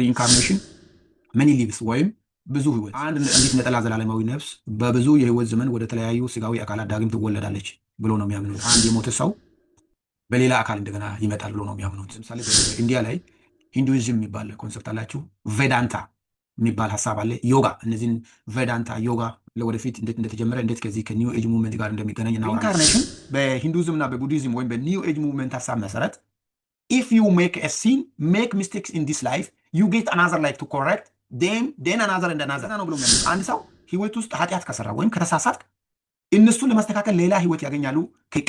ሪኢንካርኔሽን መኒ ሊቭስ ወይም ብዙ ህይወት። አንድ እንዴት ነጠላ ዘላለማዊ ነፍስ በብዙ የህይወት ዘመን ወደ ተለያዩ ስጋዊ አካላት ዳግም ትወለዳለች ብሎ ነው የሚያምኑት። አንድ የሞተ ሰው በሌላ አካል እንደገና ይመጣል ብሎ ነው የሚያምኑት። ለምሳሌ በኢንዲያ ላይ ሂንዱይዝም የሚባል ኮንሰፕት አላችሁ። ቬዳንታ የሚባል ሀሳብ አለ። ዮጋ እነዚህን ቬዳንታ ዮጋ ለወደፊት እንዴት እንደተጀመረ እንዴት ከዚህ ከኒው ኤጅ ሙቭመንት ጋር እንደሚገናኝ እና ኢንካርኔሽን በሂንዱዝም እና በቡዲዝም ወይም በኒው ኤጅ ሙቭመንት ሀሳብ መሰረት ኢፍ ዩ ሜክ ሲን ሜክ ሚስቴክስ ኢን ዲስ ላይፍ ዩ ጌት አናዘር ላይክ ቱ ኮረክት ዴን ዴን አናዘር እንደ ናዘር ነው ብሎ የሚያምኑት አንድ ሰው ህይወት ውስጥ ኃጢአት ከሰራ ወይም ከተሳሳት እነሱን ለማስተካከል ሌላ ህይወት ያገኛሉ።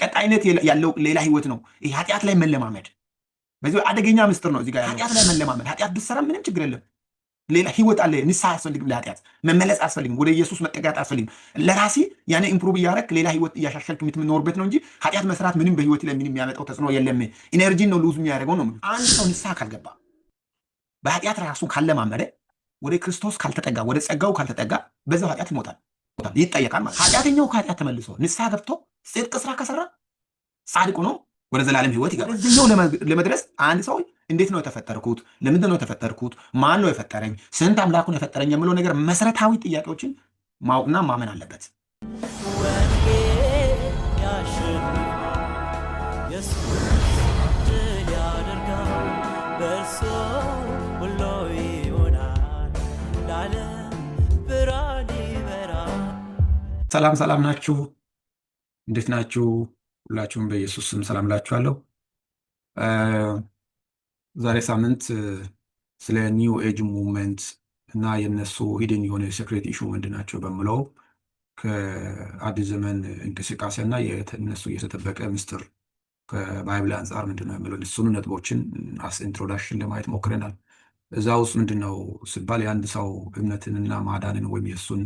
ቀጣይነት ያለው ሌላ ህይወት ነው። ይህ ኃጢአት ላይ መለማመድ በዚህ አደገኛ ምስጥር ነው። እዚጋ ኃጢአት ላይ መለማመድ ኃጢአት ብትሰራ ምንም ችግር የለም። ሌላ ህይወት አለ። ንስሐ አያስፈልግም። ለኃጢአት መመለስ አያስፈልግም። ወደ ኢየሱስ መጠጋት አያስፈልግም። ለራሴ ያኔ ኢምፕሩቭ እያረክ ሌላ ህይወት እያሻሻልክ የምትኖርበት ነው እንጂ ኃጢአት መስራት ምንም በህይወት ላይ ምንም የሚያመጣው ተጽዕኖ የለም። ኢነርጂን ነው ልውዝ የሚያደርገው ነው። አንድ ሰው ንስሐ ካልገባ በኃጢአት ራሱን ካለማመደ ወደ ክርስቶስ ካልተጠጋ ወደ ጸጋው ካልተጠጋ በዛው ኃጢአት ይሞታል፣ ይጠየቃል ማለት ኃጢአተኛው ከኃጢአት ተመልሶ ንስሐ ገብቶ ጽድቅ ስራ ከሰራ ጻድቁ ነው ወደ ዘላለም ህይወት ይገባል። እዚህኛው ለመድረስ አንድ ሰው እንዴት ነው የተፈጠርኩት? ለምንድን ነው የተፈጠርኩት? ማን ነው የፈጠረኝ? ስንት አምላኩን የፈጠረኝ? የምለው ነገር መሰረታዊ ጥያቄዎችን ማወቅና ማመን አለበት። ሰላም ሰላም ናችሁ? እንዴት ናችሁ? ሁላችሁም በኢየሱስ ስም ሰላም ላችኋለሁ። ዛሬ ሳምንት ስለ ኒው ኤጅ ሙቭመንት እና የነሱ ሂድን የሆነ ሴክሬት ኢሹ ምንድን ናቸው በምለው ከአዲስ ዘመን እንቅስቃሴ እና የነሱ የተጠበቀ ምስጢር ከባይብል አንጻር ምንድን ነው የሚለውን ነጥቦችን አስ ኢንትሮዳክሽን ለማየት ሞክረናል። እዛ ውስጥ ምንድን ነው ሲባል የአንድ ሰው እምነትንና ማዳንን ወይም የእሱን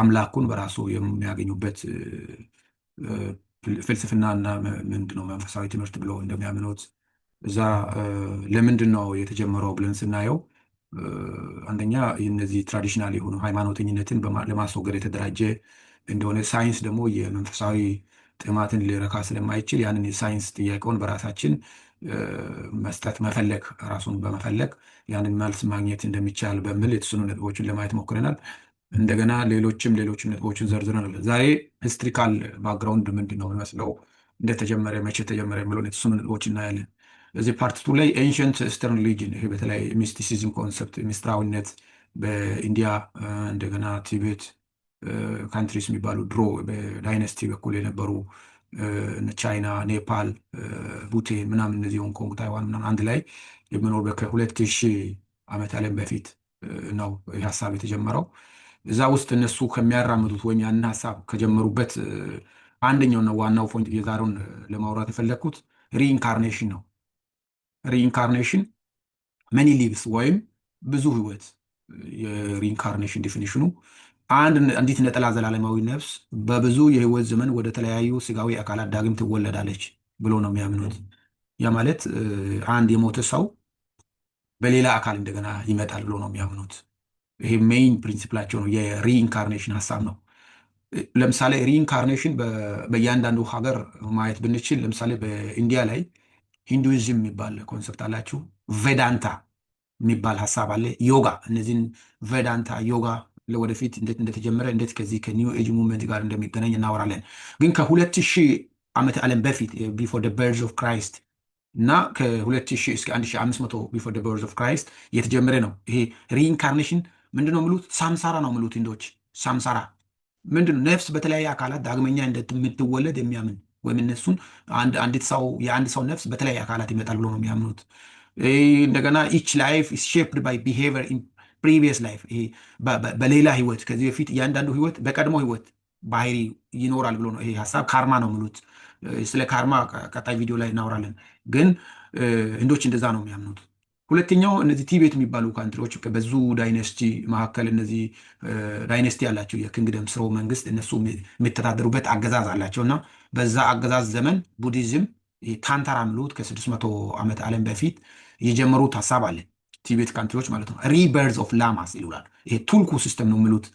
አምላኩን በራሱ የሚያገኙበት ፍልስፍናና ምንድነው መንፈሳዊ ትምህርት ብሎ እንደሚያምኑት እዛ ለምንድን ነው የተጀመረው ብለን ስናየው አንደኛ እነዚህ ትራዲሽናል የሆኑ ሃይማኖተኝነትን ለማስወገድ የተደራጀ እንደሆነ ሳይንስ ደግሞ የመንፈሳዊ ጥማትን ሊረካ ስለማይችል ያንን የሳይንስ ጥያቄውን በራሳችን መስጠት መፈለግ ራሱን በመፈለግ ያንን መልስ ማግኘት እንደሚቻል በሚል የተወሰኑ ነጥቦችን ለማየት ሞክረናል። እንደገና ሌሎችም ሌሎችም ነጥቦችን ዘርዝረናል። ዛሬ ሂስትሪካል ባክግራውንድ ምንድን ነው የሚመስለው እንደተጀመረ መቼ ተጀመረ የሚለውን የተሱም ነጥቦች እናያለን። እዚህ ፓርት ቱ ላይ ኤንሽንት ኢስተርን ሪሊጅን ይሄ በተለይ ሚስቲሲዝም ኮንሰፕት ሚስጥራዊነት በኢንዲያ እንደገና ቲቤት ካንትሪስ የሚባሉ ድሮ በዳይነስቲ በኩል የነበሩ ቻይና፣ ኔፓል፣ ቡቴን ምናምን እነዚህ ሆንኮንግ፣ ታይዋን ምናምን አንድ ላይ የምኖር ከሁለት ሺህ ዓመት ዓለም በፊት ነው ይህ ሀሳብ የተጀመረው። እዛ ውስጥ እነሱ ከሚያራምዱት ወይም ያንን ሀሳብ ከጀመሩበት አንደኛውና ዋናው ፖይንት የዛሬውን ለማውራት የፈለግኩት ሪኢንካርኔሽን ነው። ሪኢንካርኔሽን መኒ ሊቭስ ወይም ብዙ ህይወት የሪኢንካርኔሽን ዲፊኒሽኑ አንድ አንዲት ነጠላ ዘላለማዊ ነፍስ በብዙ የህይወት ዘመን ወደ ተለያዩ ስጋዊ አካላት ዳግም ትወለዳለች ብሎ ነው የሚያምኑት። ያ ማለት አንድ የሞተ ሰው በሌላ አካል እንደገና ይመጣል ብሎ ነው የሚያምኑት። ይሄ ሜይን ፕሪንሲፕላቸው ነው። የሪኢንካርኔሽን ሀሳብ ነው። ለምሳሌ ሪኢንካርኔሽን በእያንዳንዱ ሀገር ማየት ብንችል፣ ለምሳሌ በኢንዲያ ላይ ሂንዱይዝም የሚባል ኮንሰፕት አላችሁ። ቬዳንታ የሚባል ሀሳብ አለ። ዮጋ እነዚህን ቬዳንታ ዮጋ ለወደፊት እንዴት እንደተጀመረ እንዴት ከዚህ ከኒው ኤጅ ሙቭመንት ጋር እንደሚገናኝ እናወራለን። ግን ከሁለት ሺህ ዓመት ዓለም በፊት ቢፎር ደ በርዝ ኦፍ ክራይስት እና ከ2000 እስከ 1500 ቢፎር ደ በርዝ ኦፍ ክራይስት የተጀመረ ነው ይሄ ሪኢንካርኔሽን ምንድነው ምሉት? ሳምሳራ ነው ምሉት። ህንዶች ሳምሳራ ምንድነው? ነፍስ በተለያየ አካላት ዳግመኛ እንደምትወለድ የሚያምን ወይም እነሱን አንዲት ሰው የአንድ ሰው ነፍስ በተለያየ አካላት ይመጣል ብሎ ነው የሚያምኑት። እንደገና ኢች ላይፍ ኢዝ ሼፕድ ባይ ቢሄቪየር ኢን ፕሪቪየስ ላይፍ፣ ይሄ በሌላ ህይወት ከዚህ በፊት እያንዳንዱ ህይወት በቀድሞ ህይወት ባህሪ ይኖራል ብሎ ነው። ይሄ ሀሳብ ካርማ ነው ምሉት። ስለ ካርማ ቀጣይ ቪዲዮ ላይ እናወራለን። ግን ህንዶች እንደዛ ነው የሚያምኑት። ሁለተኛው እነዚህ ቲቤት የሚባሉ ካንትሪዎች በዙ ዳይነስቲ መካከል እነዚህ ዳይነስቲ ያላቸው የክንግደም ስሮ መንግስት እነሱ የሚተዳደሩበት አገዛዝ አላቸው እና በዛ አገዛዝ ዘመን ቡዲዝም ታንታራ የሚሉት ከ600 ዓመት ዓለም በፊት የጀመሩት ሀሳብ አለ። ቲቤት ካንትሪዎች ማለት ነው። ሪበርዝ ኦፍ ላማስ ይሉላል። ይሄ ቱልኩ ሲስተም ነው ምሉት።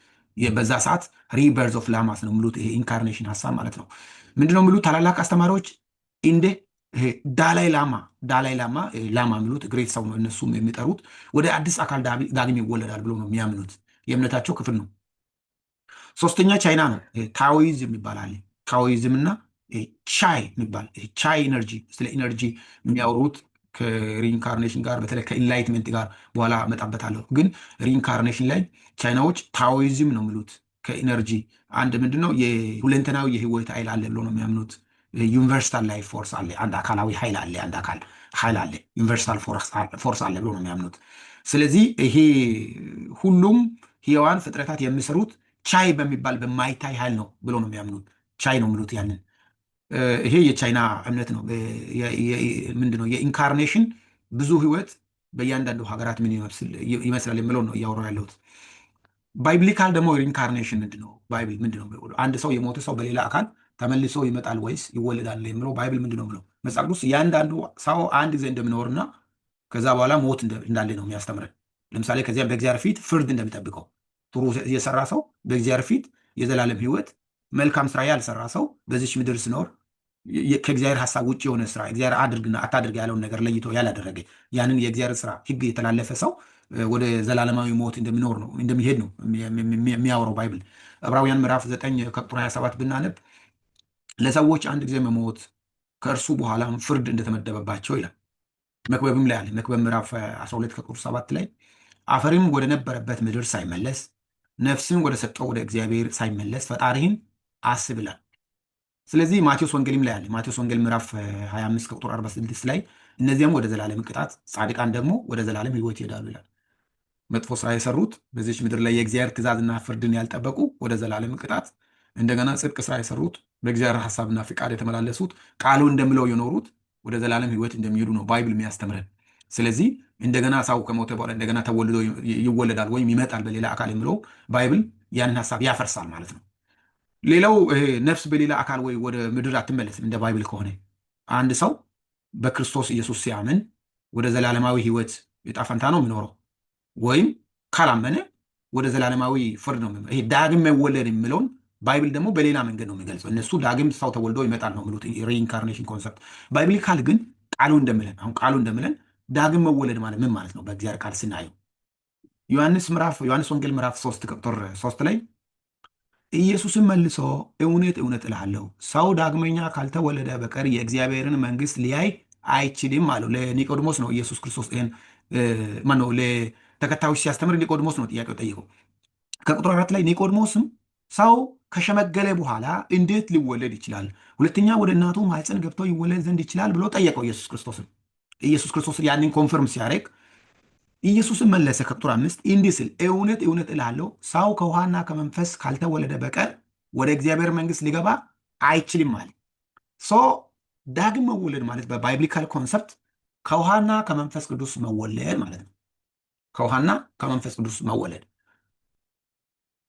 በዛ ሰዓት ሪበርዝ ኦፍ ላማስ ነው ምሉት። ይሄ ኢንካርኔሽን ሀሳብ ማለት ነው። ምንድነው የሚሉት ታላላቅ አስተማሪዎች እንደ ዳላይ ላማ ዳላይ ላማ ላማ የሚሉት ግሬት ሰው ነው እነሱም የሚጠሩት ወደ አዲስ አካል ዳግም ይወለዳል ብሎ ነው የሚያምኑት። የእምነታቸው ክፍል ነው። ሶስተኛ ቻይና ነው። ታዊዝም ይባላል። ታዊዝም እና ቻይ የሚባል ቻይ ኢነርጂ፣ ስለ ኢነርጂ የሚያወሩት ከሪኢንካርኔሽን ጋር በተለይ ከኢንላይትመንት ጋር በኋላ እመጣበታለሁ። ግን ሪኢንካርኔሽን ላይ ቻይናዎች ታዊዝም ነው የሚሉት ከኢነርጂ አንድ ምንድነው የሁለንተናዊ የህይወት አይል አለ ብሎ ነው የሚያምኑት። ዩኒቨርሳል ላይ ፎርስ አለ፣ አንድ አካላዊ ኃይል አለ፣ አንድ አካል ኃይል አለ፣ ዩኒቨርሳል ፎርስ አለ ብሎ ነው የሚያምኑት። ስለዚህ ይሄ ሁሉም ህያዋን ፍጥረታት የሚሰሩት ቻይ በሚባል በማይታይ ኃይል ነው ብሎ ነው የሚያምኑት። ቻይ ነው የሚሉት ያንን። ይሄ የቻይና እምነት ነው። ምንድነው የኢንካርኔሽን ብዙ ህይወት በእያንዳንዱ ሀገራት ምን ይመስላል የምለው ነው እያወራ ያለሁት። ባይብሊካል ደግሞ ሪኢንካርኔሽን ምንድነው? ባይብል ምንድነው? አንድ ሰው የሞተ ሰው በሌላ አካል ተመልሶ ይመጣል ወይስ ይወለዳል የምለው ባይብል ምንድነው ነው የምለው መጽሐፍ ቅዱስ እያንዳንዱ ሰው አንድ ጊዜ እንደምኖርና ከዛ በኋላ ሞት እንዳለ ነው የሚያስተምረን። ለምሳሌ ከዚያ በእግዚአብሔር ፊት ፍርድ እንደሚጠብቀው ጥሩ የሰራ ሰው በእግዚአብሔር ፊት የዘላለም ህይወት መልካም ስራ ያልሰራ ሰው በዚች ምድር ስኖር ከእግዚአብሔር ሀሳብ ውጭ የሆነ ስራ እግዚአብሔር አድርግና አታድርግ ያለውን ነገር ለይቶ ያላደረገ ያንን የእግዚአብሔር ስራ ህግ የተላለፈ ሰው ወደ ዘላለማዊ ሞት እንደሚኖር ነው እንደሚሄድ ነው የሚያወረው ባይብል። ዕብራውያን ምዕራፍ ዘጠኝ ከቁጥር 27 ብናነብ ለሰዎች አንድ ጊዜ መሞት ከእርሱ በኋላም ፍርድ እንደተመደበባቸው ይላል። መክበብም ላይ አለ። መክበብ ምዕራፍ 12 ከቁጥር 7 ላይ አፈርም ወደ ነበረበት ምድር ሳይመለስ ነፍስም ወደ ሰጠው ወደ እግዚአብሔር ሳይመለስ ፈጣሪህን አስብ ይላል። ስለዚህ ማቴዎስ ወንጌልም ላይ አለ። ማቴዎስ ወንጌል ምዕራፍ 25 ከቁጥር 46 ላይ እነዚያም ወደ ዘላለም ቅጣት፣ ጻድቃን ደግሞ ወደ ዘላለም ህይወት ይሄዳሉ ይላል። መጥፎ ስራ የሰሩት በዚች ምድር ላይ የእግዚአብሔር ትእዛዝና ፍርድን ያልጠበቁ ወደ ዘላለም ቅጣት እንደገና ጽድቅ ስራ የሰሩት በእግዚአብሔር ሀሳብና ፍቃድ የተመላለሱት ቃሉ እንደምለው የኖሩት ወደ ዘላለም ህይወት እንደሚሄዱ ነው ባይብል የሚያስተምረን። ስለዚህ እንደገና ሰው ከሞተ በኋላ እንደገና ተወልዶ ይወለዳል ወይም ይመጣል በሌላ አካል የምለው ባይብል ያንን ሀሳብ ያፈርሳል ማለት ነው። ሌላው ነፍስ በሌላ አካል ወይ ወደ ምድር አትመለስም እንደ ባይብል ከሆነ አንድ ሰው በክርስቶስ ኢየሱስ ሲያምን ወደ ዘላለማዊ ህይወት ዕጣ ፈንታ ነው የሚኖረው ወይም ካላመነ ወደ ዘላለማዊ ፍርድ ነው ይሄ ዳግም መወለድ የሚለውን ባይብል ደግሞ በሌላ መንገድ ነው የሚገልጸው። እነሱ ዳግም ሰው ተወልዶ ይመጣል ነው የሚሉት ሪኢንካርኔሽን ኮንሰፕት። ባይብሊካል ግን ቃሉ እንደምለን አሁን ቃሉ እንደምለን ዳግም መወለድ ማለት ምን ማለት ነው? በእግዚአብሔር ቃል ስናየው ዮሐንስ ምዕራፍ ዮሐንስ ወንጌል ምዕራፍ ሶስት ቁጥር ሶስት ላይ ኢየሱስን መልሶ እውነት እውነት እልሃለሁ ሰው ዳግመኛ ካልተወለደ በቀር የእግዚአብሔርን መንግስት ሊያይ አይችልም አለው። ለኒቆዲሞስ ነው ኢየሱስ ክርስቶስ ይህን ማነው ለተከታዮች ሲያስተምር ኒቆዲሞስ ነው ጥያቄው ጠይቀው ከቁጥር አራት ላይ ኒቆዲሞስም ሰው ከሸመገለ በኋላ እንዴት ሊወለድ ይችላል? ሁለተኛ ወደ እናቱ ማህፀን ገብቶ ይወለድ ዘንድ ይችላል ብሎ ጠየቀው ኢየሱስ ክርስቶስን። ኢየሱስ ክርስቶስ ያንን ኮንፈርም ሲያደርግ ኢየሱስን መለሰ ከቁጥር አምስት እንዲህ ስል እውነት እውነት እልሃለሁ ሰው ከውሃና ከመንፈስ ካልተወለደ በቀር ወደ እግዚአብሔር መንግስት ሊገባ አይችልም አለ። ሶ ዳግም መወለድ ማለት በባይብሊካል ኮንሰፕት ከውሃና ከመንፈስ ቅዱስ መወለድ ማለት ነው። ከውሃና ከመንፈስ ቅዱስ መወለድ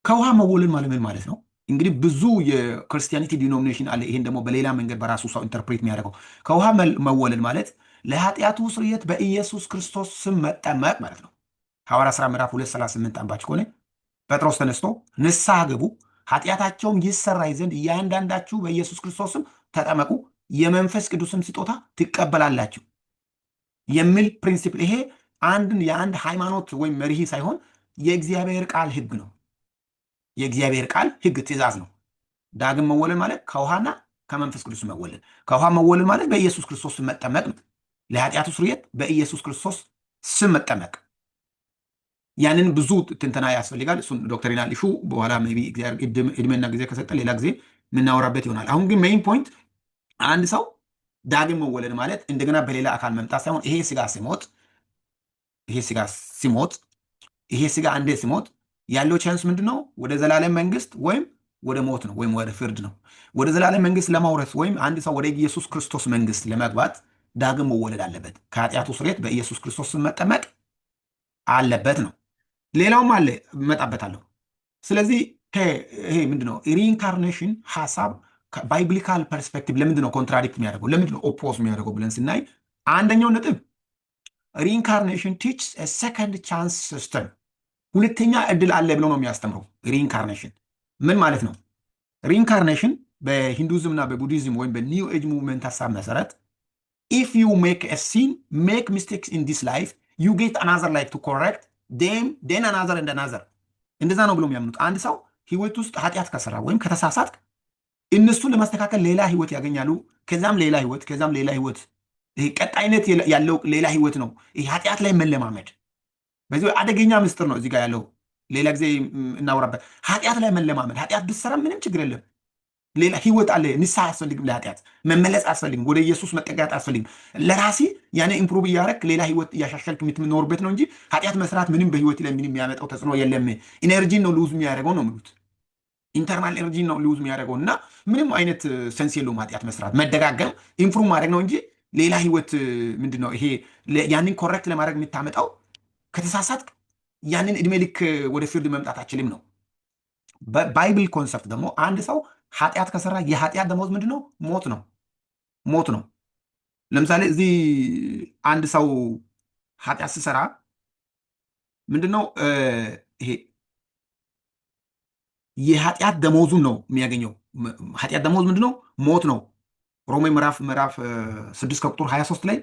ከውሃ መወለድ ማለት ምን ማለት ነው? እንግዲህ ብዙ የክርስቲያኒቲ ዲኖሚኔሽን አለ። ይሄን ደግሞ በሌላ መንገድ በራሱ ሰው ኢንተርፕሬት የሚያደርገው ከውሃ መወለድ ማለት ለኃጢአቱ ስርየት በኢየሱስ ክርስቶስ ስም መጠመቅ ማለት ነው። ሐዋርያት ሥራ ምዕራፍ 2፥38 አንባች ከሆነ ጴጥሮስ ተነስቶ ንስሐ ግቡ ኃጢአታቸውም ይሰራይ ዘንድ እያንዳንዳችሁ በኢየሱስ ክርስቶስ ስም ተጠመቁ የመንፈስ ቅዱስም ስጦታ ትቀበላላችሁ የሚል ፕሪንሲፕል። ይሄ አንድን የአንድ ሃይማኖት ወይም መርሂ ሳይሆን የእግዚአብሔር ቃል ህግ ነው። የእግዚአብሔር ቃል ህግ፣ ትእዛዝ ነው። ዳግም መወለድ ማለት ከውሃና ከመንፈስ ቅዱስ መወለድ። ከውሃ መወለድ ማለት በኢየሱስ ክርስቶስ መጠመቅ ነው። ለኃጢአቱ ስርየት በኢየሱስ ክርስቶስ ስም መጠመቅ። ያንን ብዙ ትንተና ያስፈልጋል። እሱን ዶክትሪናል ኢሹ በኋላ ቢ እድሜና ጊዜ ከሰጠ ሌላ ጊዜ የምናወራበት ይሆናል። አሁን ግን ሜይን ፖይንት አንድ ሰው ዳግም መወለድ ማለት እንደገና በሌላ አካል መምጣት ሳይሆን ይሄ ስጋ ሲሞት ይሄ ስጋ ሲሞት ይሄ ስጋ አንዴ ሲሞት ያለው ቻንስ ምንድን ነው? ወደ ዘላለም መንግስት ወይም ወደ ሞት ነው ወይም ወደ ፍርድ ነው። ወደ ዘላለም መንግስት ለማውረስ ወይም አንድ ሰው ወደ ኢየሱስ ክርስቶስ መንግስት ለመግባት ዳግም መወለድ አለበት። ከኃጢአቱ ስርየት በኢየሱስ ክርስቶስ መጠመቅ አለበት ነው። ሌላውም አለ እመጣበታለሁ። ስለዚህ ይሄ ምንድን ነው ሪኢንካርኔሽን ሀሳብ ባይብሊካል ፐርስፔክቲቭ ለምንድን ነው ኮንትራዲክት የሚያደርገው ለምንድን ነው ኦፖዝ የሚያደርገው ብለን ስናይ አንደኛው ነጥብ ሪኢንካርኔሽን ቲችስ ሰከንድ ቻንስ ሲስተም ሁለተኛ እድል አለ ብሎ ነው የሚያስተምረው። ሪኢንካርኔሽን ምን ማለት ነው? ሪኢንካርኔሽን በሂንዱዝም እና በቡዲዝም ወይም በኒው ኤጅ ሙቭመንት ሀሳብ መሰረት ኢፍ ዩ ሜክ ኤ ሲን ሜክ ሚስቴክስ ኢን ዲስ ላይፍ ዩ ጌት አናዘር ላይፍ ቱ ኮረክት ዴን አናዘር እንደ ናዘር እንደዛ ነው ብሎ የሚያምኑት። አንድ ሰው ህይወት ውስጥ ኃጢአት ከሰራ ወይም ከተሳሳት እነሱን ለማስተካከል ሌላ ህይወት ያገኛሉ። ከዛም ሌላ ህይወት፣ ከዛም ሌላ ህይወት፣ ቀጣይነት ያለው ሌላ ህይወት ነው ይህ ኃጢአት ላይ መለማመድ በዚህ አደገኛ ምስጥር ነው እዚጋ ያለው። ሌላ ጊዜ እናውራበት። ኃጢአት ላይ መለማመድ ኃጢአት ብትሰራ ምንም ችግር የለም። ሌላ ህይወት አለ። ንስሐ አያስፈልግም። ለኃጢአት መመለጽ አያስፈልግም። ወደ ኢየሱስ መጠጋት አያስፈልግም። ለራሲ ያኔ ኢምፕሩቭ እያረክ ሌላ ህይወት እያሻሻልክ የምትኖርበት ነው እንጂ ኃጢአት መስራት ምንም በህይወት ላይ ምንም የሚያመጣው ተጽዕኖ የለም። ኢነርጂ ነው ልውዝ የሚያደርገው ነው ምሉት ኢንተርናል ኤነርጂ ነው ልውዝ የሚያደርገው እና ምንም አይነት ሰንስ የለውም። ኃጢአት መስራት መደጋገም ኢምፕሩቭ ማድረግ ነው እንጂ ሌላ ህይወት ምንድነው ይሄ? ያንን ኮረክት ለማድረግ የምታመጣው ከተሳሳትክ ያንን እድሜ ልክ ወደ ፍርድ መምጣት አችልም ነው። በባይብል ኮንሰፕት ደግሞ አንድ ሰው ኃጢአት ከሰራ የኃጢአት ደሞዝ ምንድን ነው? ሞት ነው። ሞት ነው። ለምሳሌ እዚህ አንድ ሰው ኃጢአት ስሰራ ምንድነው ይሄ የኃጢአት ደሞዙን ነው የሚያገኘው። ኃጢአት ደሞዝ ምንድነው? ሞት ነው። ሮሜ ምዕራፍ ምዕራፍ ስድስት ከቁጥር ሀያ ሶስት ላይ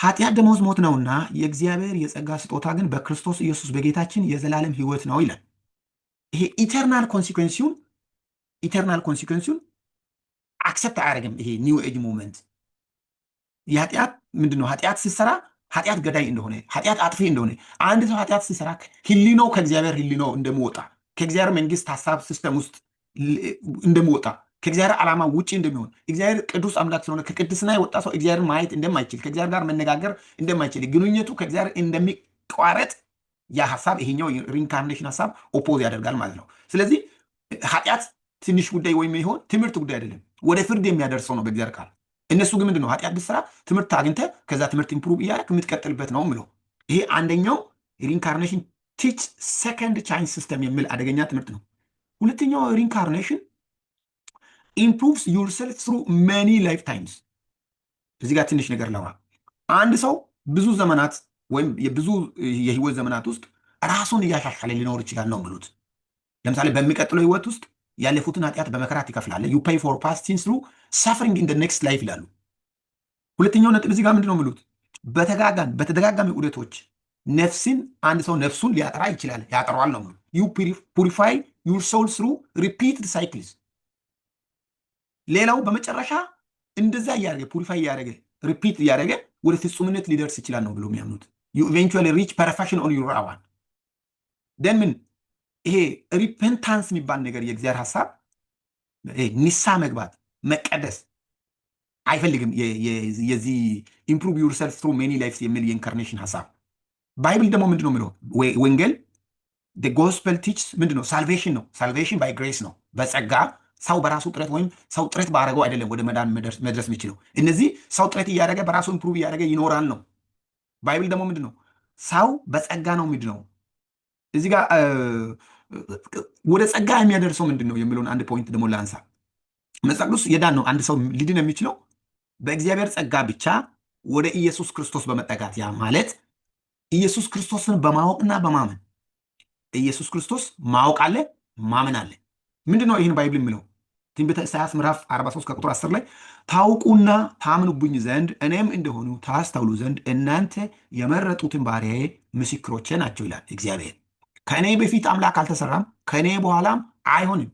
ኃጢአት ደመወዝ ሞት ነውና የእግዚአብሔር የጸጋ ስጦታ ግን በክርስቶስ ኢየሱስ በጌታችን የዘላለም ህይወት ነው ይላል። ይሄ ኢተርናል ኮንሲኩንሲውን ኢተርናል ኮንሲኩንሲውን አክሰፕት አያደርግም። ይሄ ኒው ኤጅ ሙቭመንት የኃጢአት ምንድነው? ኃጢአት ስሰራ ኃጢአት ገዳይ እንደሆነ ኃጢአት አጥፊ እንደሆነ አንድ ሰው ኃጢአት ስሰራ ህሊናው ከእግዚአብሔር ህሊናው እንደምወጣ ከእግዚአብሔር መንግስት ሀሳብ ሲስተም ውስጥ እንደምወጣ ከእግዚአብሔር ዓላማ ውጭ እንደሚሆን እግዚአብሔር ቅዱስ አምላክ ስለሆነ ከቅድስና የወጣ ሰው እግዚአብሔርን ማየት እንደማይችል ከእግዚአብሔር ጋር መነጋገር እንደማይችል ግንኙነቱ ከእግዚአብሔር እንደሚቋረጥ ያ ሀሳብ ይሄኛው ሪንካርኔሽን ሀሳብ ኦፖዝ ያደርጋል ማለት ነው። ስለዚህ ኃጢአት ትንሽ ጉዳይ ወይም ይሆን ትምህርት ጉዳይ አይደለም፣ ወደ ፍርድ የሚያደርሰው ነው በእግዚአብሔር ቃል። እነሱ ግን ምንድነው ኃጢአት ብስራ ትምህርት አግኝተ ከዛ ትምህርት ኢምፕሩቭ እያደረግ የምትቀጥልበት ነው ምለው። ይሄ አንደኛው ሪንካርኔሽን ቲች ሴከንድ ቻንስ ሲስተም የሚል አደገኛ ትምህርት ነው። ሁለተኛው ሪንካርኔሽን ኢምፕሩቭስ ዩርሰልፍ ስሩ መኒ ላይፍ ታይምስ። እዚህ ጋር ትንሽ ነገር ላውራ። አንድ ሰው ብዙ ዘመናት ወይም ብዙ የህይወት ዘመናት ውስጥ ራሱን እያሻሻለ ሊኖር ይችላል ነው ብሉት። ለምሳሌ በሚቀጥለው ህይወት ውስጥ ያለፉትን ኃጢአት በመከራት ይከፍላል። ዩ ፔይ ፎር ፓስት ሲንስ ስሩ ሰፍሪንግ ኢን ኔክስት ላይፍ ይላሉ። ሁለተኛው ነጥብ እዚህ ጋር ምንድን ነው ብሉት፣ በተደጋጋሚ ውደቶች ነፍስን አንድ ሰው ነፍሱን ሊያጠራ ይችላል ያጠረዋል ነው ዩ ፑሪፋይ ዩር ሶል ስሩ ሪፒትድ ሳይክልስ ሌላው በመጨረሻ እንደዛ እያደረገ ፑሪፋይ እያደረገ ሪፒት እያደረገ ወደ ፍጹምነት ሊደርስ ይችላል ነው ብሎ የሚያምኑት። ኢቨንቹዋሊ ሪች ፐርፌክሽን ኦን ዩር አዋን ደን ምን ይሄ ሪፐንታንስ የሚባል ነገር የእግዚአብሔር ሀሳብ ኒሳ መግባት መቀደስ አይፈልግም። የዚህ ኢምፕሩቭ ዩር ሰልፍ ትሩ ሜኒ ላይፍስ የሚል የኢንካርኔሽን ሀሳብ ባይብል ደግሞ ምንድን ነው የሚለው ወንጌል ጎስፐል ቲችስ ምንድን ነው? ሳልቬሽን ነው። ሳልቬሽን ባይ ግሬስ ነው በጸጋ ሰው በራሱ ጥረት ወይም ሰው ጥረት ባደረገው አይደለም ወደ መዳን መድረስ የሚችለው። እነዚህ ሰው ጥረት እያደረገ በራሱ ኢምፕሩቭ እያደረገ ይኖራል ነው። ባይብል ደግሞ ምንድን ነው? ሰው በጸጋ ነው ምንድን ነው እዚ ጋ ወደ ጸጋ የሚያደርሰው ምንድን ነው የሚለውን አንድ ፖይንት ደግሞ ላንሳ። መጽሐፍ ቅዱስ የዳን ነው አንድ ሰው ሊድን የሚችለው በእግዚአብሔር ጸጋ ብቻ ወደ ኢየሱስ ክርስቶስ በመጠጋት ያ ማለት ኢየሱስ ክርስቶስን በማወቅና በማመን ኢየሱስ ክርስቶስ ማወቅ አለ ማመን አለ። ምንድን ነው ይህን ባይብል የሚለው ትንቢተ ኢሳያስ ምዕራፍ 43 ከቁጥር 10 ላይ ታውቁና ታምኑብኝ ዘንድ እኔም እንደሆኑ ታስተውሉ ዘንድ እናንተ የመረጡትን ባሪያዬ ምስክሮቼ ናቸው ይላል እግዚአብሔር። ከእኔ በፊት አምላክ አልተሰራም፣ ከእኔ በኋላም አይሆንም።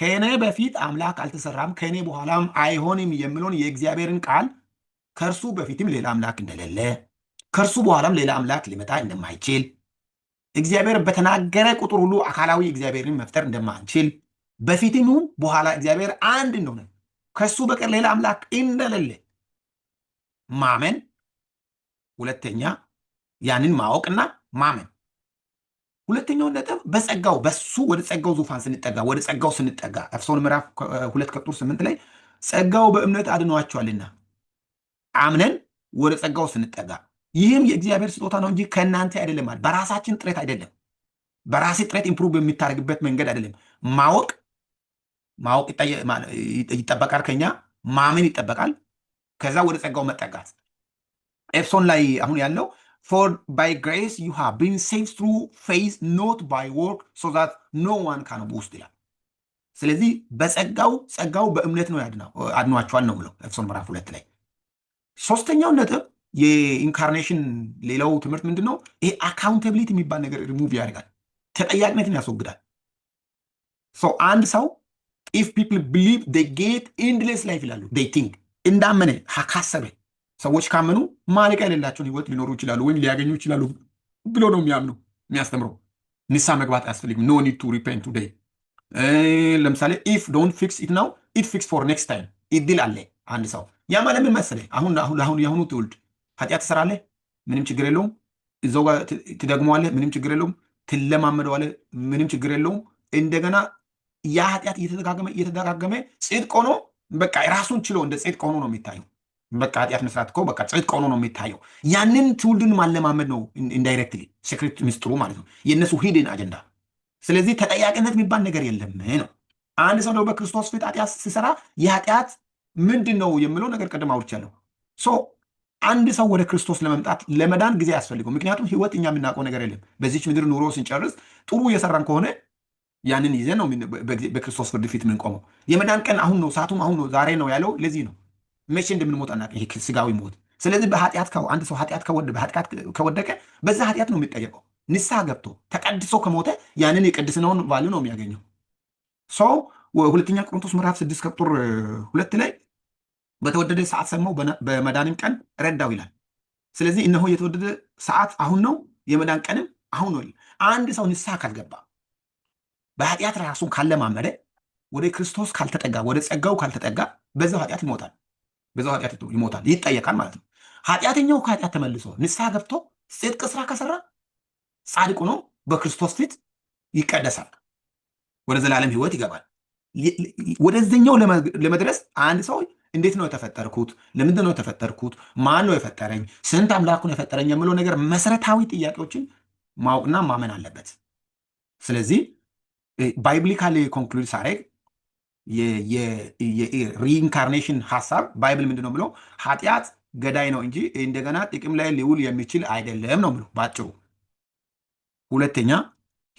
ከእኔ በፊት አምላክ አልተሰራም፣ ከእኔ በኋላም አይሆንም የሚለውን የእግዚአብሔርን ቃል ከእርሱ በፊትም ሌላ አምላክ እንደሌለ ከእርሱ በኋላም ሌላ አምላክ ሊመጣ እንደማይችል እግዚአብሔር በተናገረ ቁጥር ሁሉ አካላዊ እግዚአብሔርን መፍጠር እንደማንችል በፊትም ይሁን በኋላ እግዚአብሔር አንድ እንደሆነ ከሱ በቀር ሌላ አምላክ እንደሌለ ማመን፣ ሁለተኛ ያንን ማወቅና ማመን። ሁለተኛውን ነጥብ በጸጋው በሱ ወደ ጸጋው ዙፋን ስንጠጋ ወደ ጸጋው ስንጠጋ ኤፌሶን ምዕራፍ ሁለት ከቁጥር ስምንት ላይ ጸጋው በእምነት አድኗቸዋልና አምነን ወደ ጸጋው ስንጠጋ ይህም የእግዚአብሔር ስጦታ ነው እንጂ ከእናንተ አይደለም። በራሳችን ጥረት አይደለም። በራሴ ጥረት ኢምፕሩቭ የሚታደርግበት መንገድ አይደለም። ማወቅ ማወቅ ይጠበቃል፣ ከኛ ማመን ይጠበቃል። ከዛ ወደ ጸጋው መጠጋት ኤፕሶን ላይ አሁን ያለው ፎር ባይ ግሬስ ዩ ሃቭ ቢን ሴቭድ ትሩ ኖት ባይ ወርክ ሶ ዛት ኖ ዋን ካን ቦስት ይላል። ስለዚህ በጸጋው ጸጋው በእምነት ነው አድኗቸዋል ነው ብለው ኤፌሶን ምዕራፍ ሁለት ላይ ሶስተኛው ነጥብ የኢንካርኔሽን ሌላው ትምህርት ምንድን ነው? ይሄ አካውንታብሊቲ የሚባል ነገር ሪሙቭ ያደርጋል፣ ተጠያቂነትን ያስወግዳል። አንድ ሰው ኢፍ ፒፕል ብሊቭ ዴ ጌት ኢንድሌስ ላይፍ ይላሉ። ዴይ ቲንክ እንዳመነ ካሰበ ሰዎች ካመኑ ማለቂያ የሌላቸውን ህይወት ሊኖሩ ይችላሉ ወይም ሊያገኙ ይችላሉ ብሎ ነው የሚያምነው የሚያስተምረው። ንሳ መግባት አያስፈልግም። ኖ ኒድ ቱ ሪፔንት ቱዴይ። ለምሳሌ ኢፍ ዶንት ፊክስ ኢት ናው ኢት ፊክስ ፎር ኔክስት ታይም ይድል አለ አንድ ሰው። ያ ማለት ምን መሰለህ? አሁን አሁን የአሁኑ ትውልድ ኃጢአት ትሰራለ ምንም ችግር የለውም። እዛው ጋር ትደግመዋለህ፣ ምንም ችግር የለውም። ትለማመደዋለህ፣ ምንም ችግር የለውም። እንደገና ያ ኃጢአት እየተደጋገመ እየተደጋገመ ጽድቅ ሆኖ በቃ ራሱን ችሎ እንደ ጽድቅ ሆኖ ነው የሚታየው። በቃ ኃጢአት መስራት እኮ በቃ ጽድቅ ሆኖ ነው የሚታየው። ያንን ትውልድን ማለማመድ ነው ኢንዳይሬክትሊ ሴክሬት ሚስጥሩ ማለት ነው የእነሱ ሂድን አጀንዳ። ስለዚህ ተጠያቂነት የሚባል ነገር የለም ነው። አንድ ሰው ደግሞ በክርስቶስ ፊት ኃጢአት ሲሰራ የኃጢአት ምንድን ነው የምለው ነገር ቅድም አውርቻለሁ። ሶ አንድ ሰው ወደ ክርስቶስ ለመምጣት ለመዳን ጊዜ ያስፈልገው። ምክንያቱም ህይወት እኛ የምናውቀው ነገር የለም። በዚች ምድር ኑሮ ስንጨርስ ጥሩ እየሰራን ከሆነ ያንን ይዘ ነው በክርስቶስ ፍርድ ፊት የምንቆመው። የመዳን ቀን አሁን ነው፣ ሰዓቱም አሁን ነው፣ ዛሬ ነው ያለው። ለዚህ ነው መቼ እንደምንሞት ይሄ ስጋዊ ሞት። ስለዚህ በኃጢአት አንድ ሰው ኃጢአት ከወደቀ በዛ ኃጢአት ነው የሚጠየቀው። ንስሐ ገብቶ ተቀድሶ ከሞተ ያንን የቅድስናውን ቫሉ ነው የሚያገኘው። ሰው ሁለተኛ ቆሮንቶስ ምዕራፍ ስድስት ከቁጥር ሁለት ላይ በተወደደ ሰዓት ሰማው በመዳንም ቀን ረዳው ይላል። ስለዚህ እነሆ የተወደደ ሰዓት አሁን ነው፣ የመዳን ቀንም አሁን ነው። አንድ ሰው ንስሐ ካልገባ በኃጢአት ራሱን ካለማመደ ወደ ክርስቶስ ካልተጠጋ ወደ ጸጋው ካልተጠጋ በዛው ኃጢአት ይሞታል፣ በዛው ኃጢአት ይሞታል፣ ይጠየቃል ማለት ነው። ኃጢአተኛው ከኃጢአት ተመልሶ ንስሐ ገብቶ ጽድቅ ስራ ከሰራ ጻድቅ ሆኖ በክርስቶስ ፊት ይቀደሳል፣ ወደ ዘላለም ህይወት ይገባል። ወደዚኛው ለመድረስ አንድ ሰው እንዴት ነው የተፈጠርኩት? ለምንድን ነው የተፈጠርኩት? ማን ነው የፈጠረኝ? ስንት አምላክ ነው የፈጠረኝ? የምለው ነገር መሰረታዊ ጥያቄዎችን ማወቅና ማመን አለበት። ስለዚህ ባይብሊካሊ ኮንክሉድ ሳደርግ የሪኢንካርኔሽን ሀሳብ ባይብል ምንድነው ነው ብለው ኃጢአት ገዳይ ነው እንጂ እንደገና ጥቅም ላይ ሊውል የሚችል አይደለም ነው ብለው ባጭሩ። ሁለተኛ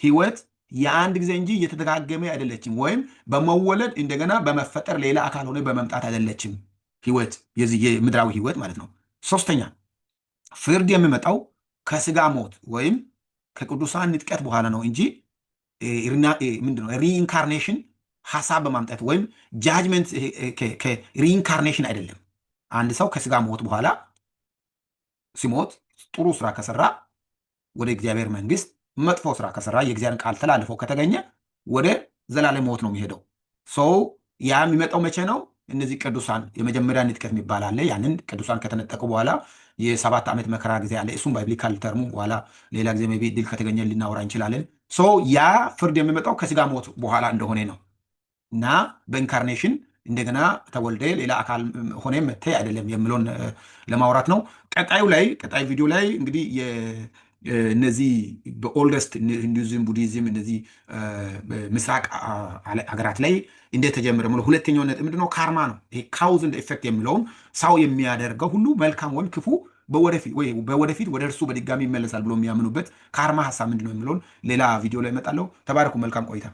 ህይወት የአንድ ጊዜ እንጂ እየተደጋገመ አይደለችም፣ ወይም በመወለድ እንደገና በመፈጠር ሌላ አካል ሆነ በመምጣት አይደለችም። ህይወት የዚህ የምድራዊ ህይወት ማለት ነው። ሶስተኛ ፍርድ የሚመጣው ከስጋ ሞት ወይም ከቅዱሳን ንጥቀት በኋላ ነው እንጂ ምንድነው ሪኢንካርኔሽን ሀሳብ በማምጣት ወይም ጃጅመንት ሪኢንካርኔሽን አይደለም። አንድ ሰው ከስጋ ሞት በኋላ ሲሞት ጥሩ ስራ ከሰራ ወደ እግዚአብሔር መንግስት፣ መጥፎ ስራ ከሰራ የእግዚአብሔር ቃል ተላልፎ ከተገኘ ወደ ዘላለም ሞት ነው የሚሄደው። ሰው ያ የሚመጣው መቼ ነው? እነዚህ ቅዱሳን የመጀመሪያ ንጥቀት የሚባል አለ። ያንን ቅዱሳን ከተነጠቁ በኋላ የሰባት ዓመት መከራ ጊዜ አለ። እሱም ባይብሊካል ተርሙ በኋላ ሌላ ጊዜ ቢ ድል ከተገኘ ልናወራ እንችላለን። ሶ ያ ፍርድ የሚመጣው ከስጋ ሞት በኋላ እንደሆነ ነው እና በኢንካርኔሽን እንደገና ተወልደ ሌላ አካል ሆነ መተ አይደለም የሚለውን ለማውራት ነው። ቀጣዩ ላይ ቀጣይ ቪዲዮ ላይ እንግዲህ እነዚህ በኦልደስት ሂንዱዝም ቡዲዝም እነዚህ ምስራቅ ሀገራት ላይ እንደተጀመረ ምለ ሁለተኛው ነጥብ ምንድነው? ካርማ ነው። ይሄ ካውዝ ኤፌክት የሚለውን ሰው የሚያደርገው ሁሉ መልካም ወይም ክፉ በወደፊት ወደ እርሱ በድጋሚ ይመለሳል ብሎ የሚያምኑበት ከአርማ ሀሳብ ምንድነው የሚለውን ሌላ ቪዲዮ ላይ እመጣለሁ። ተባረኩ። መልካም ቆይታ